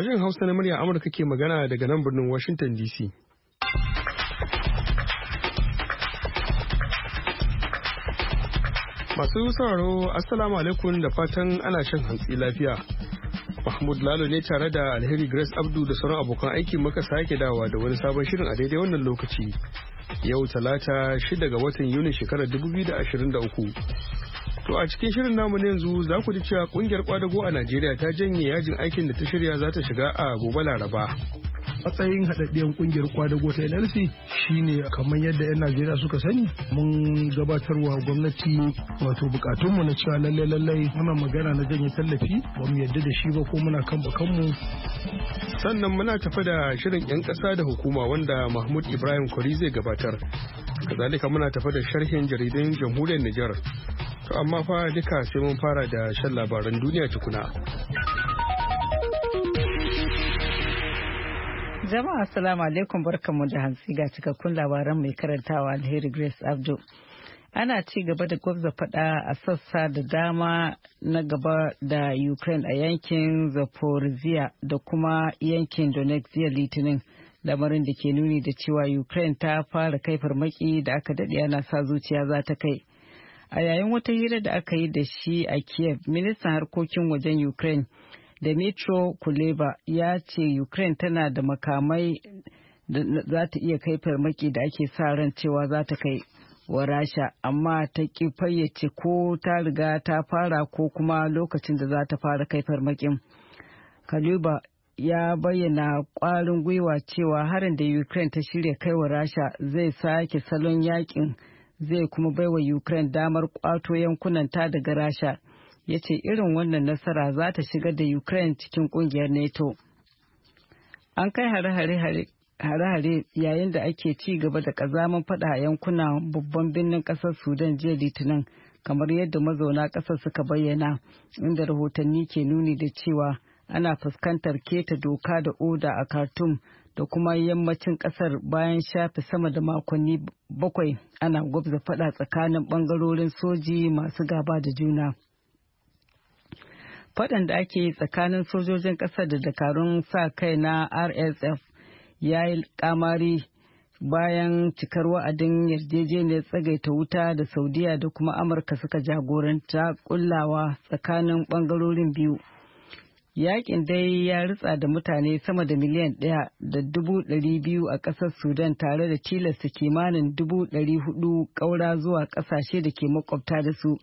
Sashen Hausa na murya Amurka ke magana daga nan birnin Washington DC. Masu sauraro Assalamu alaikum da fatan ana shan hantsi lafiya. Mahmud Lalo ne tare da Alheri Grace Abdu da sauran abokan aiki muka sake dawa da wani sabon shirin a daidai wannan lokaci. Yau talata shida ga watan Yuni shekarar 2023. To a cikin shirin namu na yanzu za ku ji cewa kungiyar kwadago a Najeriya ta janye yajin aikin da ta shirya za ta shiga a gobe Laraba. Matsayin haɗaɗɗiyar kungiyar kwadago ta NLC shine kamar yadda 'yan Najeriya suka sani mun gabatarwa gwamnati wato bukatunmu na cewa lallai lallai muna magana na janye tallafi ba mu yadda da shi ba ko muna kan bakanmu. Sannan muna tafi da shirin 'yan ƙasa da hukuma wanda Mahmud Ibrahim Kwari zai gabatar. Kazalika muna tafi da sharhin jaridun jamhuriyar Nijar. amma fa duka sai mun fara da shan labaran duniya tukuna. Jama'a Assalamu alaikum barkanmu da hantsi ga cikakkun labaran mai karantawa alheri Grace Abdo Ana ci gaba da gwabza fada a sassa da dama na gaba da Ukraine a yankin Zaporizhia da kuma yankin Donetsk Litinin. Lamarin da ke nuni da cewa Ukraine ta fara kai farmaki da aka daɗe ana sa zuciya za ta kai. a yayin wata hira da aka yi da shi a kiev ministan harkokin wajen ukraine dmitro kuleba ya ce ukraine tana da makamai za ta iya kai farmaki da ake sa ran cewa za ta kai wa rasha amma ta ki fayyace ko ta riga ta fara ko kuma lokacin da za ta fara kai farmakin kaluba ya bayyana kwarin gwiwa cewa harin da ukraine ta shirya kai wa rasha zai sake salon yakin zai kuma baiwa Ukraine damar kwato yankunanta daga Rasha. Ya ce irin wannan nasara za ta shigar da Ukraine cikin kungiyar NATO. An kai hare-hare yayin da ake ci gaba da kazaman faɗa a yankunan babban birnin ƙasar Sudan jiya Litinin, kamar yadda mazauna kasar suka bayyana, inda rahotanni ke nuni da cewa ana fuskantar keta doka da oda a Khartoum da kuma yammacin kasar bayan shafe sama da makonni bakwai ana gwabza fada tsakanin bangarorin soji masu gaba da juna. Fadan da ake yi tsakanin sojojin kasar da dakarun sa kai na RSF ya yi kamari bayan cikar wa'adin yarjejeniyar tsagaita wuta da Saudiya da kuma Amurka suka jagoranta kullawa tsakanin bangarorin biyu. Yakin dai ya ritsa da mutane sama da miliyan ɗaya da dubu ɗari biyu a ƙasar Sudan tare da tilasta kimanin dubu ɗari hudu ƙaura zuwa ƙasashe da ke makwabta da su,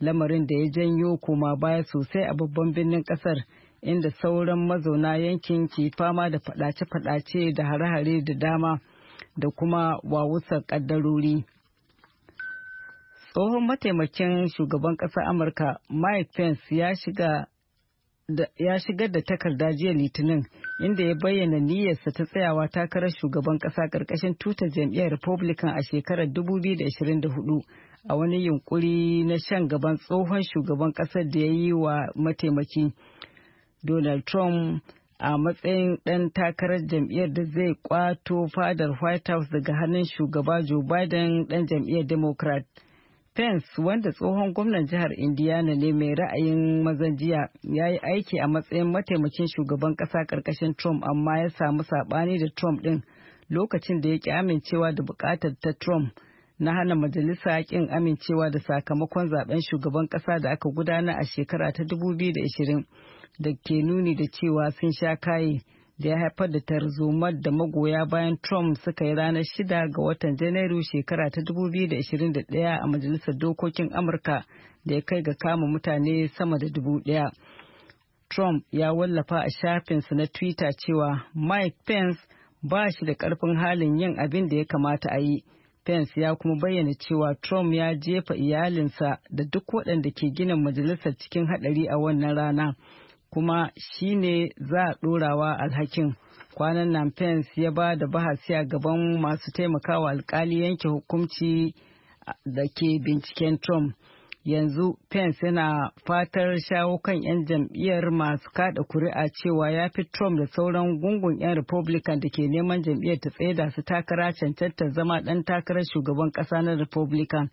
lamarin da ya janyo koma baya sosai a babban birnin ƙasar inda sauran mazauna yankin ke fama da faɗace-faɗace da hare-hare da dama da kuma wawusar ƙaddarori. Tsohon mataimakin shugaban ƙasar Amurka Mike Pence ya shiga ya shigar da takarda jiya litinin inda ya bayyana niyyarsa ta tsayawa takarar shugaban kasa karkashin tutar jam'iyyar republican a shekarar 2024 a wani yunkuri na shan gaban tsohon shugaban kasar da ya yi wa mataimaki donald trump a matsayin ɗan takarar jam'iyyar da zai kwato fadar white house daga hannun shugaba joe biden ɗan jam'iyyar democrat Pence wanda tsohon gwamnan jihar Indiana ne mai ra'ayin mazan jiya ya yi aiki a matsayin mataimakin shugaban kasa karkashin Trump amma ya samu saɓani da Trump ɗin lokacin da ya ki amincewa da bukatar ta Trump na hana majalisa ƙin amincewa da sakamakon zaben shugaban kasa da aka gudana a shekara ta 2020 da ke nuni da cewa sun sha kaye. da ya haifar da tarzomar da magoya bayan Trump suka yi ranar shida ga watan Janairu shekara ta 2021 a Majalisar Dokokin Amurka da ya kai ga kama mutane sama da dubu ɗaya. Trump ya wallafa a shafinsa na Twitter cewa Mike Pence ba shi da ƙarfin halin yin abin da ya kamata a yi. Pence ya kuma bayyana cewa Trump ya jefa iyalinsa da duk waɗanda ke gina majalisar cikin haɗari a wannan rana. kuma shi ne za a ɗorawa alhakin kwanan nan pence ya ba da bahasi a gaban masu taimakawa alkali yanke hukunci da ke binciken trump yanzu pence yana fatar shawo kan 'yan jam'iyyar masu kada kuri'a cewa ya fi trump da sauran gungun 'yan republican da ke neman jam'iyyar ta tsaye da su takara cancantar zama ɗan takarar shugaban kasa na republican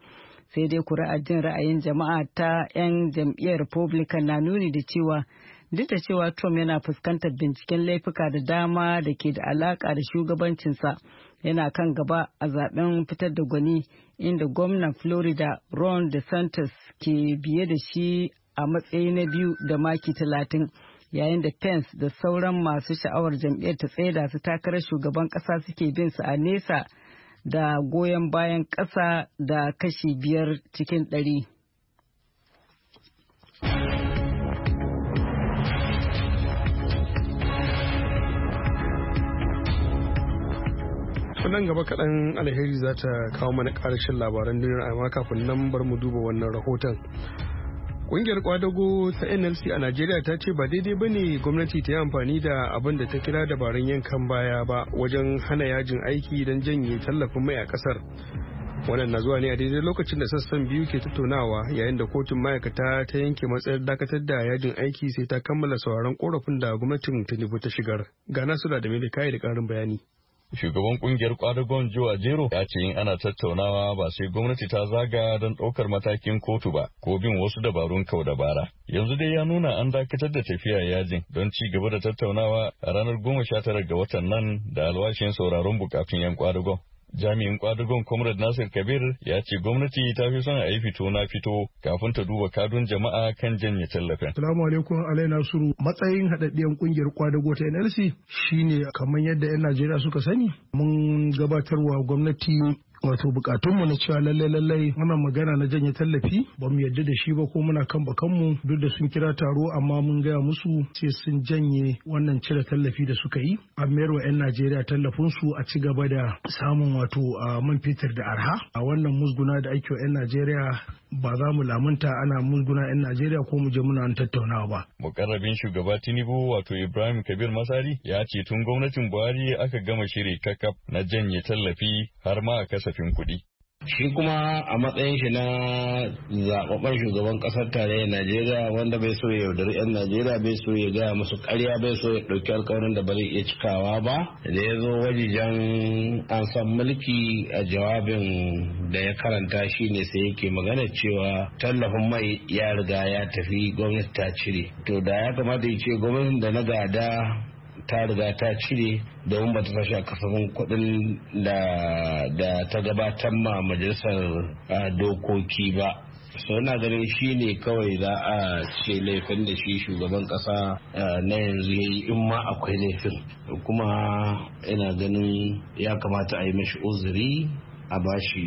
sai dai kuri'ar jin ra'ayin jama'a ta 'yan jam'iyyar republican na nuni da cewa duk da cewa Trump yana fuskantar binciken laifuka da dama da ke da alaka da shugabancinsa yana kan gaba a zaben fitar da gwani inda gwamnan Florida Ron DeSantis ke biye da shi a matsayi na biyu da maki talatin yayin da Pence da sauran masu sha'awar jam'iyyar ta tsaida su takarar shugaban ƙasa suke bin su a nesa da goyon bayan ƙasa da kashi biyar cikin ɗari. nan gaba kaɗan alheri za ta kawo mana ƙarashin labaran duniyar amma kafin nan bar mu duba wannan rahoton Ƙungiyar kwadago ta NLC a Najeriya ta ce ba daidai ba ne gwamnati ta yi amfani da abin da ta kira dabarun yankan baya ba wajen hana yajin aiki don janye tallafin mai a ƙasar. Wannan na zuwa ne a daidai lokacin da sassan biyu ke tattaunawa yayin da kotun ma'aikata ta yanke matsayar dakatar da yajin aiki sai ta kammala sauraron korafin da gwamnatin Tinubu ta shigar. Ga suna da da kayi da karin bayani. Shugaban kungiyar kwadagon Jowa Jero ya ce in ana tattaunawa ba sai gwamnati ta zaga don ɗaukar matakin kotu ba ko bin wasu dabarun kau da bara. Yanzu dai ya nuna an dakatar da tafiya yajin don ci gaba da tattaunawa a ranar goma sha tara ga watan nan da alwashin sauraron bukatun 'yan kwadagon. Jami'in kwadugon Comrade Nasir Kabir ya ce gwamnati ta fi son a yi fito na fito kafin ta duba kadun jama'a kan janye tallafin. Salamu alaikum Alai Nasiru matsayin haɗaɗɗiyar ƙungiyar kwadugo ta NLC shine kamar yadda 'yan Najeriya suka sani mun gabatarwa gwamnati wato bukatunmu na cewa lallai lallai wannan magana na janye tallafi ba mu yarda da shi ba ko muna kan bakanmu duk da sun kira taro amma mun gaya musu sai sun janye wannan cire tallafi da suka yi a mayar wa 'yan Najeriya tallafin su a ci gaba da samun wato a man fetur da arha a wannan musguna da ake wa 'yan Najeriya ba za mu lamunta ana muguna 'yan Najeriya ko mu je muna tattaunawa ba. Mukarrabin shugaba Tinubu wato Ibrahim Kabir Masari ya ce tun gwamnatin Buhari aka gama shiri kakaf na janye tallafi har ma a kasafin kuɗi. shi kuma a matsayin shi na zaɓaɓɓen shugaban kasar tarayyar najeriya wanda bai so ya yaudari 'yan najeriya bai so ya gaya musu karya bai so ya ɗauki alkawarin da ba iya cikawa ba da ya zo wajijen an san mulki a jawabin da ya karanta shi ne sai yake magana cewa tallafin mai ya riga ya tafi gwamnati ta cire to da ya kamata ya ce gwamnatin da na gada ta riga ta cire domin ba ta tashi a kasafin kuɗin da ta gabatar ma majalisar dokoki ba so na ganin shi ne kawai za a ce laifin da shi shugaban kasa na yanzu ya yi in ma akwai laifin kuma ina ganin ya kamata a yi mashi uzuri a bashi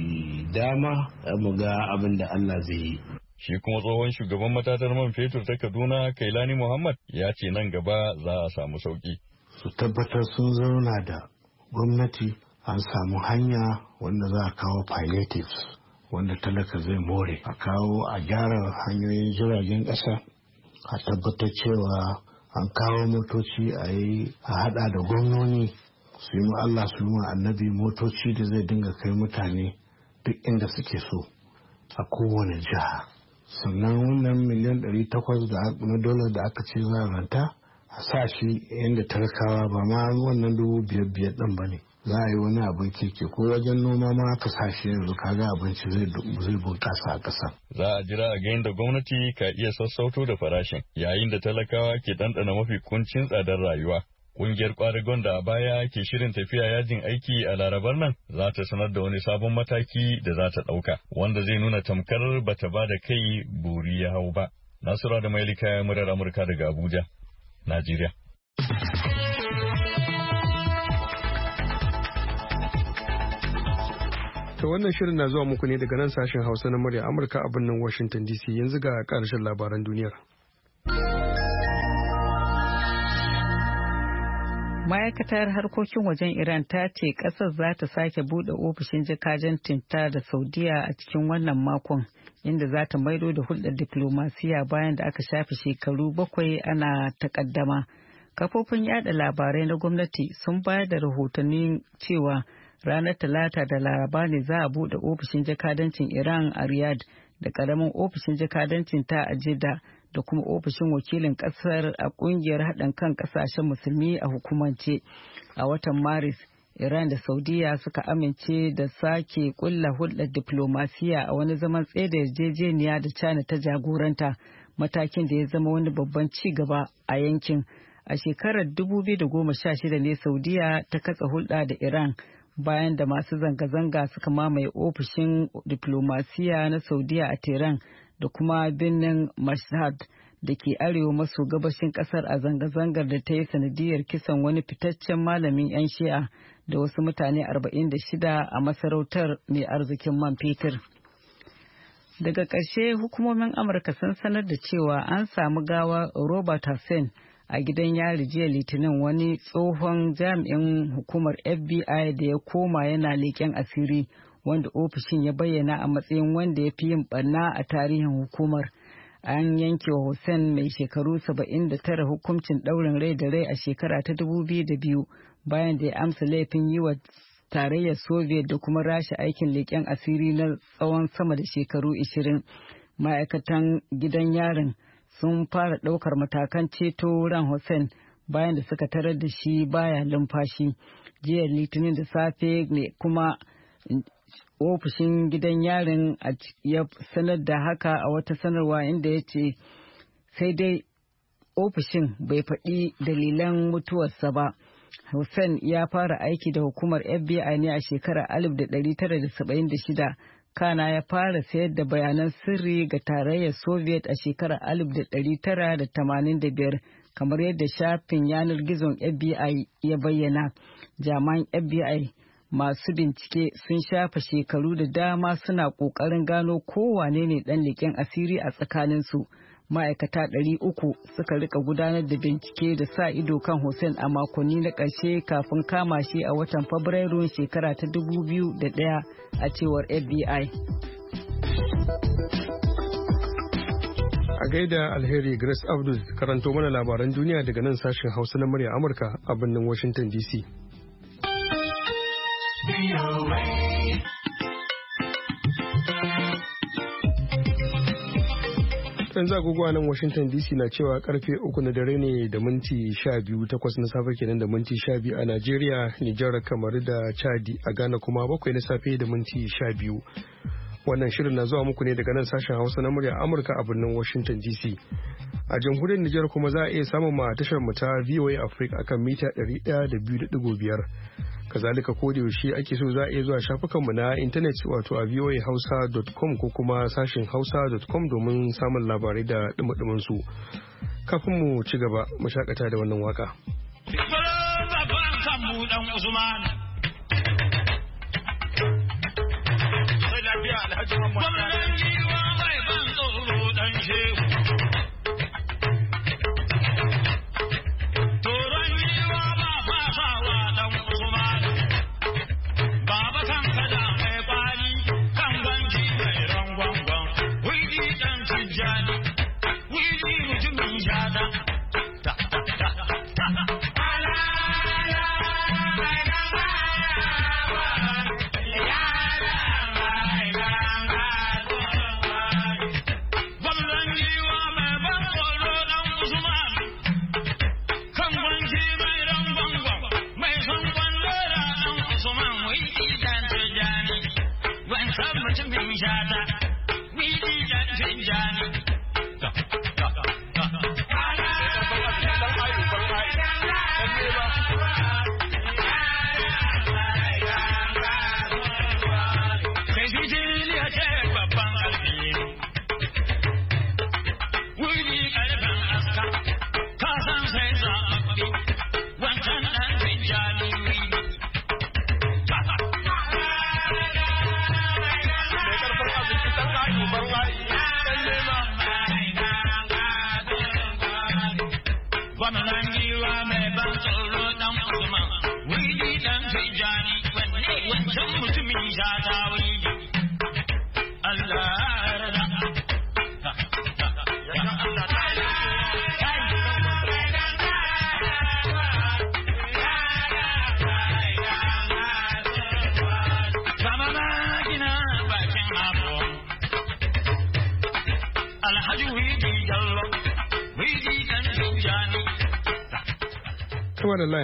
dama mu ga abin da allah zai yi Shi kuma tsohon shugaban matatar man fetur ta Kaduna Kailani Muhammad ya ce nan gaba za a samu sauki. Su tabbatar sun zauna da gwamnati an samu hanya wanda za a kawo palliatives wanda talaka zai more a kawo a gyara hanyoyin jiragen ƙasa a tabbatar cewa an kawo motoci a yi a hada da gwamnoni su yi Allah su yi annabi motoci da zai dinga kai mutane duk inda suke so a kowane jiha sannan wannan miliyan 800 na dola da aka ce za a ranta a sa shi yadda talakawa ba ma wannan dubu biyar biyar ɗin ba ne za a yi wani abin keke ko wajen noma ma aka sa shi yanzu kaga abinci zai bunƙasa a ƙasa. za a jira a ga yadda gwamnati ka iya sassauto da farashin yayin da talakawa ke ɗanɗana mafi kuncin tsadar rayuwa Ƙungiyar kwaragon da a baya ke shirin tafiya yajin aiki a larabar nan za ta sanar da wani sabon mataki da za ta ɗauka, wanda zai nuna tamkar ba ta ba da kai buri ya hau ba. Nasura da Mailika ya murar Amurka daga Abuja, Najeriya. To wannan shirin na zuwa muku ne daga nan sashen Hausa na murya Amurka a birnin Washington DC yanzu ga ƙarshen labaran duniyar. ma'aikatar harkokin wajen iran ta ce kasar za ta sake bude ofishin tinta da saudiya a cikin wannan makon inda za ta maido da hulɗar diplomasiya bayan da aka shafe shekaru bakwai ana takaddama kafofin yada labarai na gwamnati sun bayar da rahotannin cewa ranar talata da laraba ne za a bude ofishin jakadancin iran a riyadh da karamin ofishin jakadancin ta a jidda da kuma ofishin wakilin kasar a kungiyar haɗin kan kasashen musulmi a hukumance a watan maris iran da saudiya suka amince da sake kulla hulɗar diplomasiya a wani zaman tsaye da yarjejeniya da china ta jagoranta matakin da ya zama wani babban ci gaba a yankin a shekarar 2016 ne saudiya ta katsa hulɗa da iran bayan da masu zanga-zanga suka mamaye ofishin diplomasiya na saudiya a tehran da kuma birnin Mashhad da ke arewa maso gabashin kasar a zanga-zangar da ta yi sanadiyar kisan wani fitaccen malamin 'yan shi'a da wasu mutane 46 a masarautar mai arzikin man fetur. Daga ƙarshe hukumomin Amurka sun sanar da cewa an samu gawa Robert Hussein a gidan yari jiya litinin wani tsohon jami'in hukumar FBI da ya koma yana leƙen asiri wanda ofishin ya bayyana a matsayin wanda ya fi yin barna a tarihin hukumar. An yanke wa Hussein mai shekaru 79 hukuncin ɗaurin rai da rai a shekara ta 2002 bayan da ya amsa laifin yi wa tarayyar Soviet da kuma rasha aikin leƙen asiri na tsawon sama da shekaru 20. Ma'aikatan gidan yarin sun fara ɗaukar matakan ceto ran Hussein. bayan da suka tarar da shi baya lumfashi jiya litinin da safe ne kuma ofishin gidan yarin ya sanar da haka a wata sanarwa inda ya ce sai dai ofishin bai faɗi dalilan mutuwarsa ba hussein ya fara aiki da hukumar fbi ne a shekarar 1976 kana ya fara sayar da bayanan sirri ga tarayyar soviet a shekarar 1985 kamar yadda shafin yanar gizon fbi ya bayyana jami'an fbi masu bincike sun shafa shekaru da dama suna ƙoƙarin gano wane ne ɗan leƙen asiri a tsakaninsu. Ma'aikata ɗari uku suka rika gudanar da bincike da sa ido kan Hussein a makonni na ƙarshe kafin kama shi a watan Fabrairun shekara ta dubu biyu da ɗaya a cewar FBI. A gaida alheri Grace Abdul karanto mana labaran duniya daga nan sashen Hausa na murya Amurka a birnin Washington DC. yan agogo a nan Washington DC na cewa karfe uku na dare ne da minti sha biyu takwas na safe kenan da minti sha biyu a Najeriya, Nijar, kamar da Chadi a Ghana kuma bakwai na safe da minti sha biyu. wannan shirin na zuwa muku ne daga nan sashen hausa na murya amurka a birnin washington dc a jamhuriyar nijar kuma za a iya samun ma tashar mu ta voa africa akan mita 102.5 kazalika ko da yaushe ake so za a iya zuwa mu na intanet wato a voahausa.com ko kuma sashen hausa.com domin samun labarai da dumadumin su kafin mu ci gaba mu shakata da wannan waka. Usman. alhaji mamman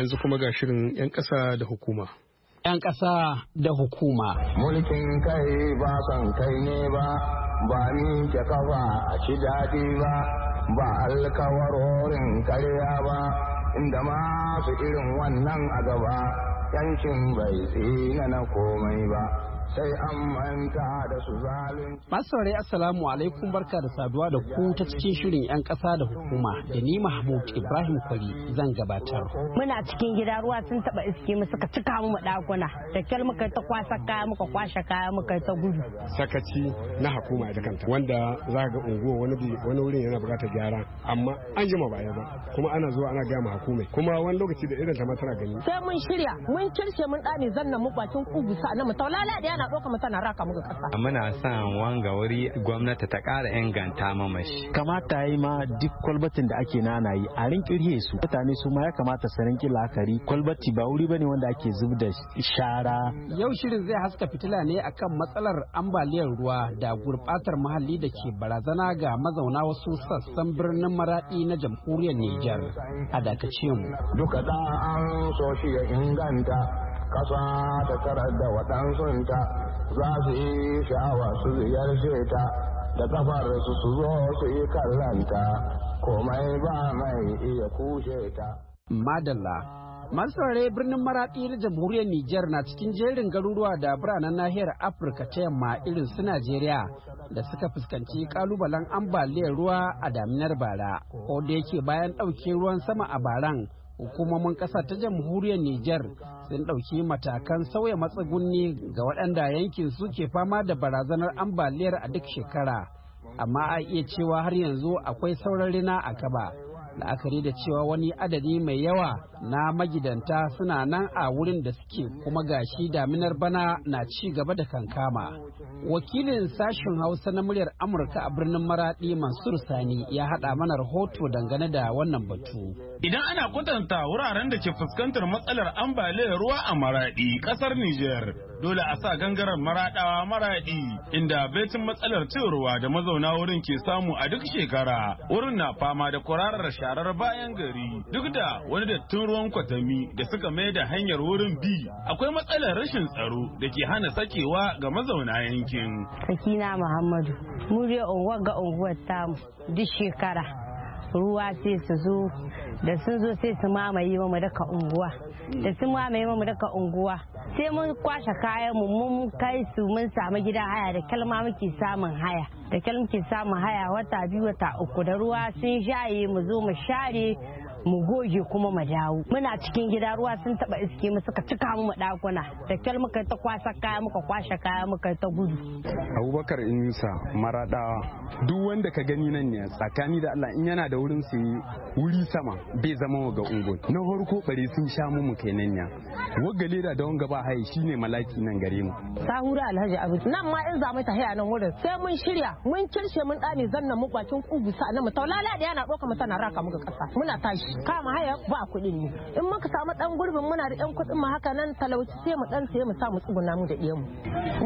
yanzu kuma ga shirin 'yan ƙasa da hukuma. 'Yan ƙasa da hukuma. Mulkin kai ba kan kai ne ba, ba ni ke kafa a ci daɗi ba, ba alkawarorin karya ba, inda masu irin wannan a gaba, yankin bai tsina na komai ba. sai an manta da su zalunci. Masu saurari Assalamu alaikum barka da saduwa da ku ta cikin shirin 'yan ƙasa da hukuma da ni Mahmud Ibrahim Kwari zan gabatar. Muna cikin gida ruwa sun taɓa iske mu suka cika mu ɗakuna da kyal muka ta kwasa kaya muka kwashe kaya muka ta gudu. Sakaci na hukuma ita kanta wanda za ga unguwa wani bi wani wurin yana buƙatar gyara amma an jima ba ba kuma ana zuwa ana gaya ma hukumai kuma wani lokaci da irin ta ma tana gani. Sai mun shirya mun kirce mun ɗame zanna mu bakin kugu sa na mu taulala da ana ɗauka masa raka muka ƙasa. Muna son wanga wuri gwamnati ta ƙara inganta mamashi. Kamata yi ma duk kwalbatin da ake nana yi a rinkirhe su. Mutane su ma ya kamata su rinƙi la'akari kwalbati ba wuri bane wanda ake zub da shara. Yau shirin zai haska fitila ne akan matsalar ambaliyar ruwa da gurɓatar muhalli da ke barazana ga mazauna wasu sassan birnin maraɗi na jamhuriyar Nijar. A dakace mu. Duka ɗan an so shi ya inganta kasa ta karar da waɗansunta za su yi sha'awa su ziyarce ta da kafar su su zo su yi kallanta komai ba mai iya kushe ta. Madalla Masarai birnin maraɗi na jamhuriyar Nijar na cikin jerin garuruwa da biranen nahiyar Afirka ta yamma irin su Najeriya da suka fuskanci kalubalen ambaliyar ruwa a daminar bara, ko da yake bayan ɗauke ruwan sama a baran hukumomin ƙasa ta jamhuriyar Nijar sun ɗauki matakan sauya matsugunni ga waɗanda yankin suke fama da barazanar ambaliyar a duk shekara. Amma a iya cewa har yanzu akwai sauran rina a kaba. La'akari da cewa wani adadi mai yawa na magidanta suna nan a wurin da suke kuma gashi daminar bana na ci gaba da kankama. Wakilin sashen Hausa na muryar Amurka a birnin Maraɗi Mansur Sani ya haɗa mana rahoto dangane da wannan batu. Idan ana kwatanta wuraren da ke fuskantar matsalar ambaliyar ruwa a Maraɗi, ƙasar Nijar, dole a sa gangaren maraɗawa Maraɗi, inda baitin matsalar cin ruwa da mazauna wurin ke samu a duk shekara. Wurin na fama da kwararar sharar bayan gari, duk da wani dattin ruwan kwatami da suka mai da hanyar wurin bi. Akwai matsalar rashin tsaro da ke hana sakewa ga mazauna yankin. Sakina Muhammadu, ga unguwar tamu duk shekara. ruwa sai su zo da sun zo sai su mamaye mu daga unguwa da sun mamaye mu daka unguwa sai mun kwashe kayan mu mun kai su mun samu gidan haya da kalma muke samun haya da kalma muke samun haya wata biyu wata uku da ruwa sun shaye mu zo mu share mu goge kuma mu dawo muna cikin gida ruwa sun taba iske mu suka cika mu dakuna da kyal muka ta kwasa kaya muka kwashe kaya muka ta gudu abubakar inusa maradawa duk wanda ka gani nan ne tsakani da allah in yana da wurin su wuri sama bai zama ga ungo na farko bare sun sha mu mu kai nan ya wagga leda da wanga ba haye shine malaki nan gare mu sahura alhaji abu nan ma in za mu ta haya nan wurin sai mun shirya mun kirshe mun dani zannan mu bakin kugu sa nan mu taulala da yana doka mu tana raka muka kasa muna tashi kama haya ba kuɗin ne in muka samu ɗan gurbin muna da yan kuɗin ma haka nan talauci sai mu dan sai mu samu tsuguna da iyan mu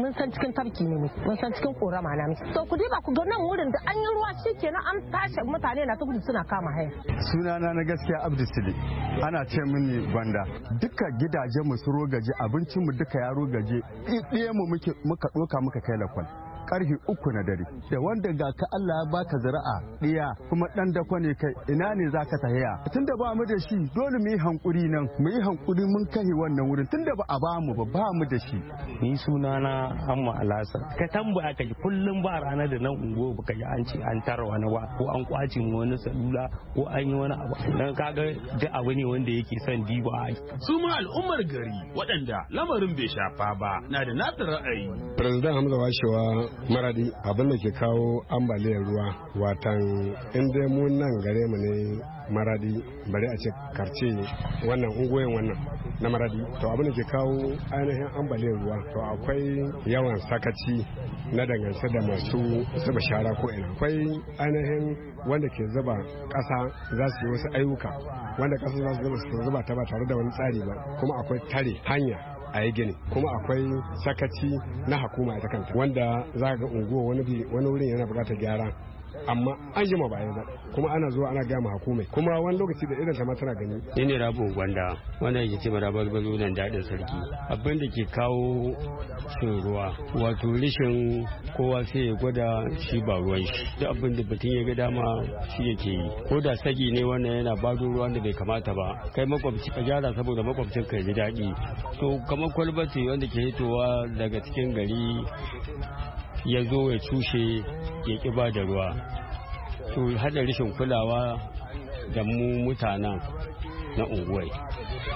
mun san cikin tarki ne mu mun san cikin korama na mu to ku ba ku ga nan wurin da an yi ruwa shikenan an tashi mutane na ta gudu suna kama haya sunana na gaskiya Abdul Sidi ana ce mini banda duka gidaje mu su rogaje abincin mu duka ya rogaje ɗaya mu muka ɗoka muka kai lakwal karfe uku na dare da wanda ga ka Allah ba ka zira'a ɗiya kuma ɗan dako ne kai ina ne za ka tahiya tunda ba mu da shi dole mu yi hankuri nan mu yi hankuri mun kai wannan wurin tunda ba a ba mu ba ba mu da shi ni sunana Amma Alasa ka tambaya ka ji kullum ba ranar da nan ungo ka ji an ce an tara wani ba ko an kwace wani salula ko an yi wani abu dan kaga duk abu ne wanda yake son diba su ma al'ummar gari waɗanda lamarin bai shafa ba na da nata ra'ayi president Hamza Washewa maradi abin da ke kawo ambaliyar ruwa watan inda mu nan gare mu ne maradi bari a ce karce wannan unguwar wannan na maradi to abin da ke kawo ainihin ambaliyar ruwa to akwai yawan sakaci na dangance da masu zuba shara ko ina akwai ainihin wanda ke zuba ƙasa za su yi wasu ayyuka wanda ƙasa za su zuba ta ba tare da wani tsari ba kuma akwai tare hanya a yi gini kuma akwai sakaci na hukuma ita kanta wanda za ga unguwa wani wurin yana buƙatar gyara amma an jima ba ba kuma ana zuwa ana gama hukumai kuma wani lokaci da irin ma tana gani ni ne rabu gwanda wanda yake ce da balbalo nan daɗin sarki abin da ke kawo sun ruwa wato rishin kowa sai ya gwada shi ba ruwan shi duk abin da batun ya ga dama shi yake yi ko da sagi ne wannan yana bado ruwan da bai kamata ba kai makwabci ka gyara saboda makwabcin ka ji daɗi to kamar kwalbati wanda ke hitowa daga cikin gari ya zo ya cushe ya ƙi ba da ruwa to hada rashin kulawa da mu mutanen na unguwai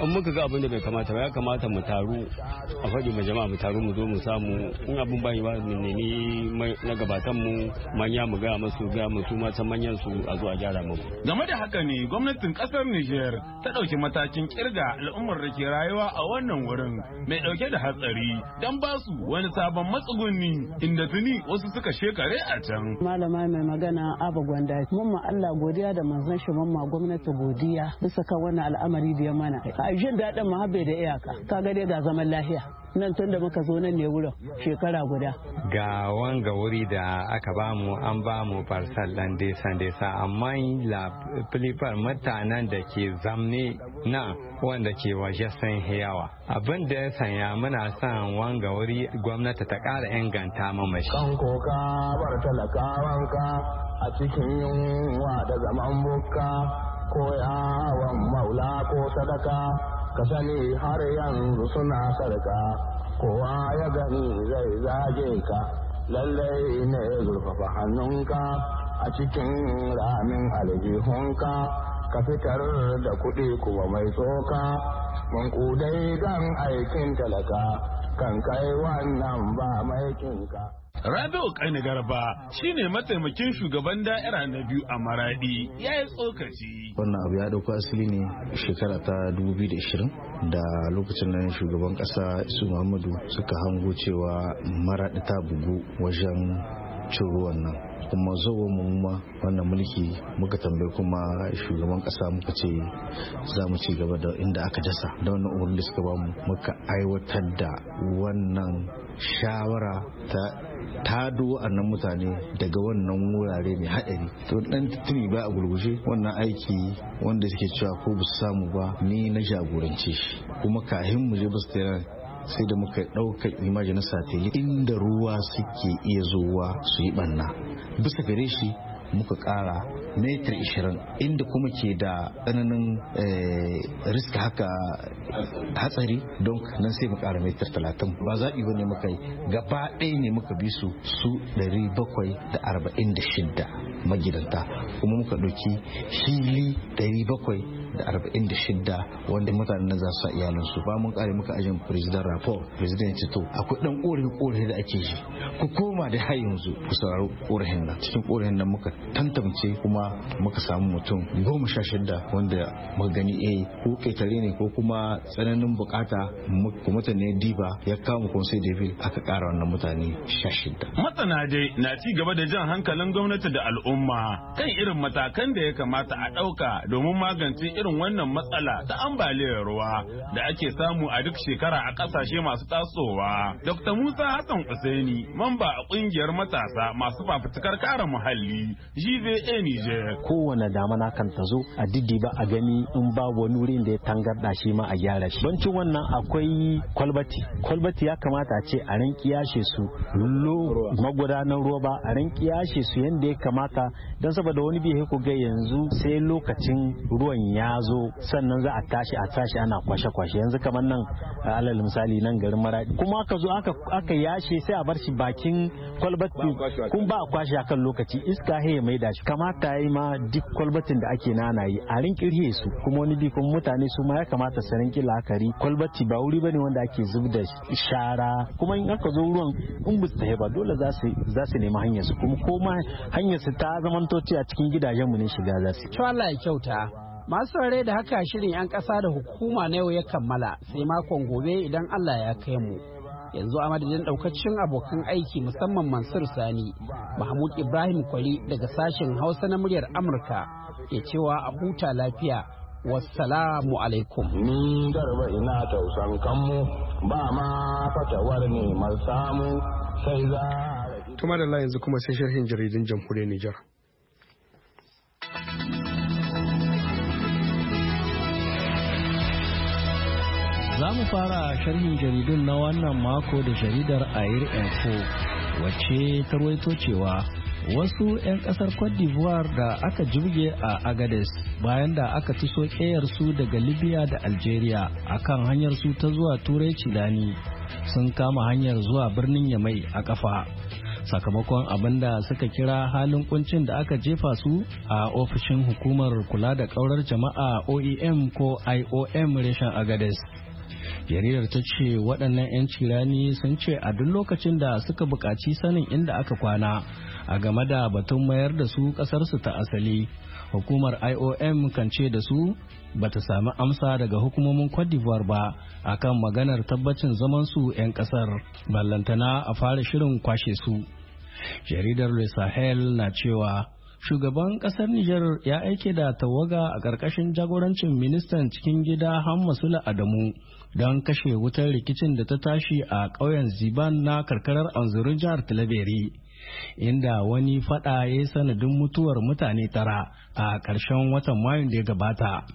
in muka ga abin da bai kamata ba ya kamata mu taru a faɗi ma jama'a mu taru mu zo mu samu in abin bai ba mu nemi na gabatan mu manya mu ga musu ga masu matan manyan su a zo a gyara mu game da haka ne gwamnatin kasar Niger ta ɗauki matakin kirga al'ummar da ke rayuwa a wannan wurin mai ɗauke da hatsari don ba su wani sabon matsuguni inda tuni wasu suka shekare a can malama mai magana Aba Gwanda mun ma Allah godiya da manzon shi mun ma gwamnati godiya bisa ka wannan al'amari da ya mana a jin daɗin mu bai da iyaka Ka dai ga zaman lafiya nan tun da muka zo nan ne wurin shekara guda ga wanga wuri da aka bamu mu an ba mu farsal ɗan desa desa amma la filifar mutanen da ke zamne na wanda ke waje san hiyawa abin da ya sanya muna son wanga wuri gwamnati ta ƙara inganta mamashi kan koka bar talakawanka a cikin yunwa da zaman buka ko yawan maula ko sadaka ka sani har yanzu suna sarka kowa ya gani zai zage ka lallai ne zurfafa hannunka a cikin ramin aljihunka ka fitar da kuɗi kuma mai tsoka kudai don aikin talaka kan kai wannan ba maikinka Rabi'u Kaini Garba shine mataimakin shugaban da'ira na biyu a Maradi ya yi tsokaci. Wannan abu ya dauko asali ne shekara ta 2020 da lokacin nan shugaban kasa Isu Muhammadu suka hango cewa Maradi ta bugu wajen cin ruwan nan kuma zuwa mu wannan mulki muka tambayi kuma shugaban kasa muka ce za mu ci gaba da inda aka dasa da wannan umarni da suka mu muka aiwatar da wannan shawara ta Ta tado nan mutane daga wannan wurare mai haɗari to dan tuni ba a gurgushe wannan aiki wanda suke cewa ko ba su samu ba ni na jagorance shi kuma kahin mu je ba sai da muka ɗaukar imaji na satelit inda ruwa suke iya zuwa su yi ɓanna bisa gare shi muka kara metri 20 inda kuma ke da tsananin eh, riska haka hatsari don nan sai mu kara metri 30 ba zaɓi ba ne muka yi gaba ɗaya ne muka bi su su 746 magidanta kuma muka ɗauki shili 700 da arba'in da shidda wanda mutanen na za su sa iyalansu ba mun kare muka ajin president rapport president ce to akwai dan korafi korahin da ake shi ku koma da har yanzu ku sauraro korahin nan cikin korahin nan muka tantance kuma muka samu mutum goma sha shidda wanda muka gani eh ko ketare ne ko kuma tsananin bukata mutane diba ya kama sai da aka kara wannan mutane sha shidda. Matsana dai na ci gaba da jan hankalin gwamnati da al'umma kan irin matakan da ya kamata a ɗauka domin magance irin wannan matsala ta ambaliyar ruwa da ake samu a duk shekara a kasashe masu tasowa. Dr. Musa Hassan Usaini, mamba a kungiyar matasa masu fafutukar kare muhalli, GVA Niger. Kowane damana kan ta zo a ba a gani in ba wani wurin da ya tangarda shi ma a gyara shi. Bancin wannan akwai kwalbati. Kwalbati ya kamata a ce a ran kiyashe su lullo magudanan ruwa ba a ran kiyashe su yadda ya kamata don saboda wani bihe ku ga yanzu sai lokacin ruwan ya na zo sannan za a tashi a tashi ana kwashe-kwashe yanzu kamar nan alal misali nan garin maradi kuma aka zo aka yashe sai a bar shi bakin kwalbatin kun ba a kwashe a kan lokaci iska he mai da shi kamata yi ma duk kwalbatin da ake nana yi a rinkirhe su kuma wani bikon mutane su ma ya kamata su rinki la'akari kwalbati ba wuri bane wanda ake zub da shara kuma in aka zo ruwan in bu ta ba dole za su nemi hanyar su kuma ko ma hanyar su ta zamanto a cikin gidajen mu ne shiga za su. Allah ya kyauta. Masu saurare da haka shirin 'yan ƙasa da hukuma na yau ya kammala sai makon gobe idan Allah ya kai mu. Yanzu a madadin ɗaukacin abokan aiki musamman Mansur Sani, Mahmud Ibrahim Kwari daga sashen Hausa na muryar Amurka ke cewa a huta lafiya. wasalamu alaikum. Ni garba ina tausan kanmu ba ma fatawar neman samu sai za. a Tuma da yanzu kuma sai shirhin jaridun jamhuriyar Nijar. Za mu fara sharhin jaridun na wannan mako da jaridar Air Info wacce tarwaito cewa wasu 'yan kasar Cote d'Ivoire da aka jibge a Agades bayan da aka ci su daga Libya da Algeria akan hanyar su ta zuwa Turai Cilani sun kama hanyar zuwa birnin Yamai a kafa. sakamakon abin da suka kira halin kuncin da aka jefa su a ofishin hukumar kula da kaurar jama'a oem ko iom reshen agades jaridar ta ce waɗannan 'yan cirani sun ce a duk lokacin da suka buƙaci sanin inda aka kwana a game da batun mayar da su ƙasarsu ta asali hukumar iom kan ce da su bata sami amsa daga hukumomin cote d'ivoire ba akan maganar tabbacin zaman su 'yan ƙasar ballantana a fara shirin kwashe su jaridar le sahel na cewa shugaban ƙasar Nijar ya aike da tawaga a ƙarƙashin jagorancin ministan cikin gida sula Adamu don kashe wutar rikicin da ta tashi a ƙauyen ziban na karkarar anzurin jihar talaberi inda wani fada ya yi sanadin mutuwar mutane tara a ƙarshen watan mayun da ya gabata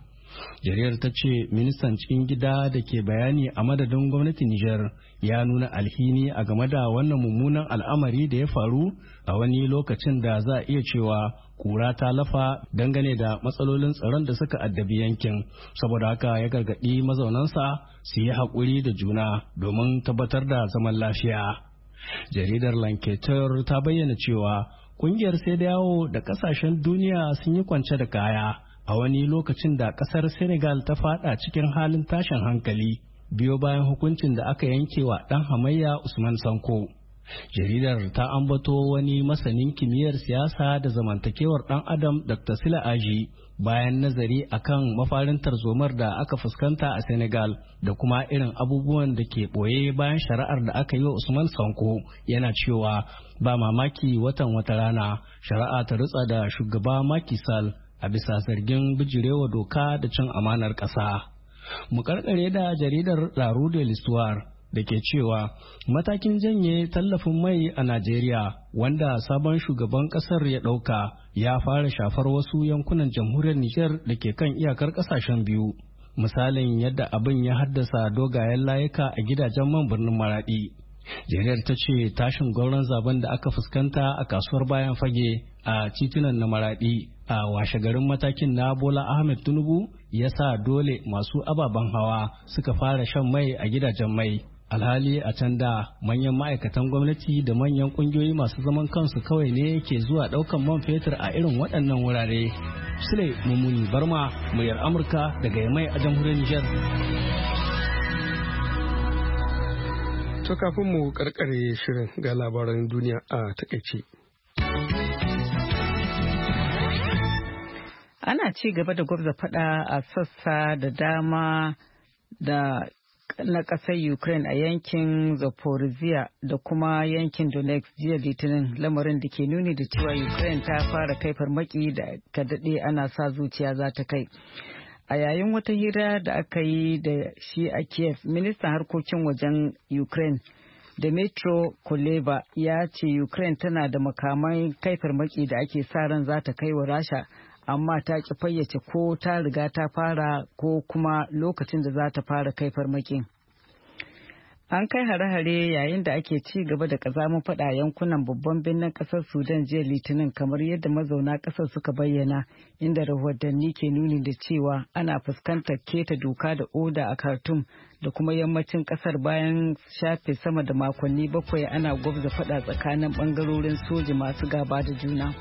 Jaridar ta ce ministan cikin gida da ke bayani a madadin gwamnatin Nijar ya nuna alhini a game da wannan mummunan al'amari da ya faru a wani lokacin da za a iya cewa kura ta lafa dangane da matsalolin tsaron da suka addabi yankin saboda haka ya gargaɗi mazaunansa su yi haƙuri da juna domin tabbatar da zaman lafiya. Jaridar Lanketer ta bayyana cewa ƙungiyar sai da yawo da ƙasashen duniya sun yi kwance da kaya. a wani lokacin da kasar senegal ta fada cikin halin tashin hankali biyo bayan hukuncin da aka yanke wa ɗan hamayya usman sanko jaridar ta ambato wani masanin kimiyyar siyasa da zamantakewar ɗan adam dr sila aji bayan nazari akan mafarintar zomar da aka fuskanta a senegal da kuma irin abubuwan da ke ɓoye bayan shari'ar da aka yi wa usman sanko yana cewa ba mamaki watan wata rana shari'a ta rutsa da shugaba makisal a bisa zargin bijirewa doka da cin amanar ƙasa. Mu karkare da jaridar Laru de Listuar da ke cewa matakin janye tallafin mai a Najeriya wanda sabon shugaban kasar ya ɗauka ya fara shafar wasu yankunan jamhuriyar Nijar da ke kan iyakar ƙasashen biyu. Misalin yadda abin ya haddasa dogayen layuka a gidajen man birnin Maraɗi. jeriyar ta ce tashin gwauron zaben da aka fuskanta a kasuwar bayan fage a titunan na maraɗi a washe garin matakin na bola ahmed tinubu ya sa dole masu ababen hawa suka fara shan mai a gidajen mai alhali a can da manyan ma'aikatan gwamnati da manyan ƙungiyoyi masu zaman kansu kawai ne ke zuwa daukan man fetur a irin waɗannan wurare sule mummuni barma muryar amurka daga mai a jamhuriyar nijar To kafin mu karkare shirin ga labaran duniya a takaice. Ana ci gaba da gwabza fada a sassa da dama da na ƙasar Ukraine a yankin Zaporizhia da kuma yankin Donetsk jiya Litinin lamarin da ke nuni da cewa Ukraine ta fara kai farmaki da ka ana sa zuciya za ta kai. a yayin wata hira da aka yi da shi a kiev ministan harkokin wajen ukraine Dmitro Kuleba ya ce Ukraine tana da makaman kai farmaki da ake sa ran za ta kai wa Rasha, amma ta ki fayyace ko ta riga ta fara ko kuma lokacin da za ta fara kai farmakin. An kai hare-hare yayin da ake ci gaba da kazamin fada yankunan babban birnin kasar Sudan jiya Litinin kamar yadda mazauna kasar suka bayyana inda rahotanni ke nuni da cewa ana fuskantar keta doka da oda a Khartoum da kuma yammacin kasar bayan shafe sama da makonni bakwai ana gwabza fada tsakanin bangarorin soji masu gaba da juna.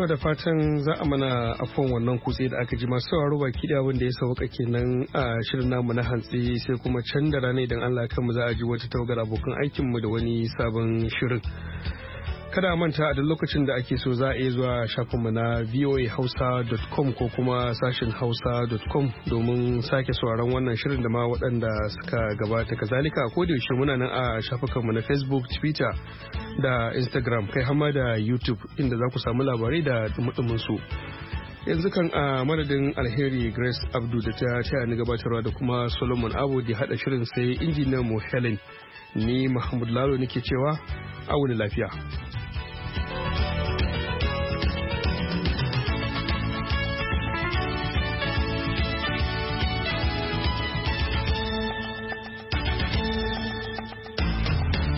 to da fatan za a mana afon wannan kutse da aka ji masu sauraro baki da wanda ya sauka kenan a shirin namu na hantsi sai kuma can da rana idan Allah kanmu za a ji wata tawagar abokan aikinmu da wani sabon shirin. kada manta a duk lokacin da ake so za a iya zuwa shafinmu na voahausa.com ko kuma sashin hausa.com domin sake sauraron wannan shirin da ma waɗanda suka gabata kazalika ko da yaushe muna nan a shafukanmu na facebook twitter da instagram kai hama da youtube inda za ku samu labarai da dumudumin su yanzu kan a madadin alheri grace abdu da ta taya ni gabatarwa da kuma solomon abu da hada shirin sai injiniyan mu helen ni mahmud lalo nake cewa a wani lafiya